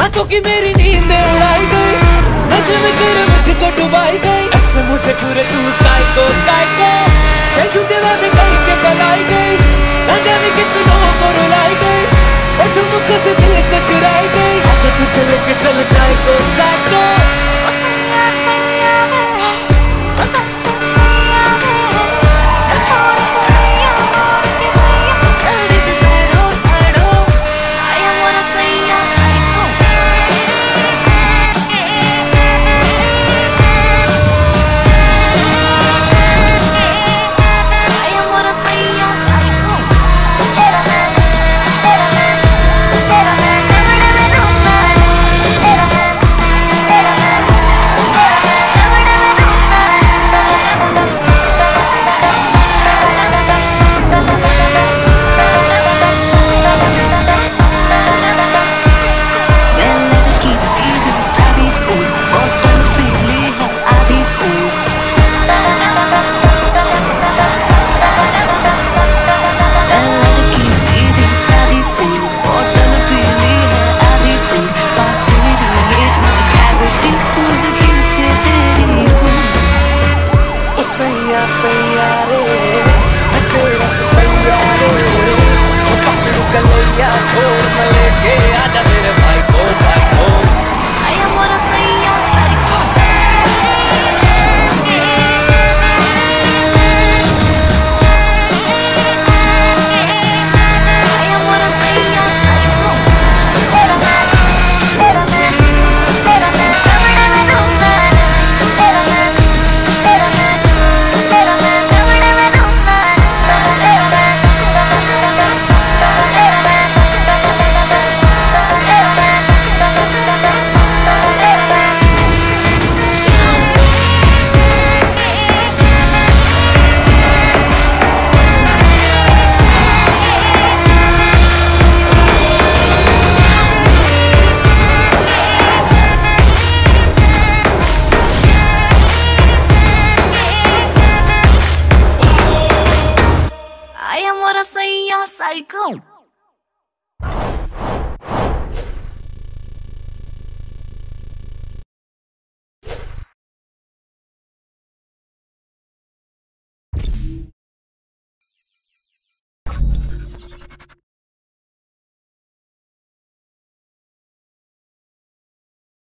रातों की मेरी नींद उड़ाई गई नशे में तेरे मुझे को डुबाई गई ऐसे मुझे पूरे तू काय को काय को ये झूठे वादे करके बनाई गई ना जाने कितनों को रुलाई गई और तुम कैसे दिल को चुराई गई अच्छा तुझे लेके चल जाए को तो जाए को तो। सैयारे तेरा सैयारे जो पकड़ू कलैया छोड़ मले के आजा तेरे भाई 呀噻呀噻哥。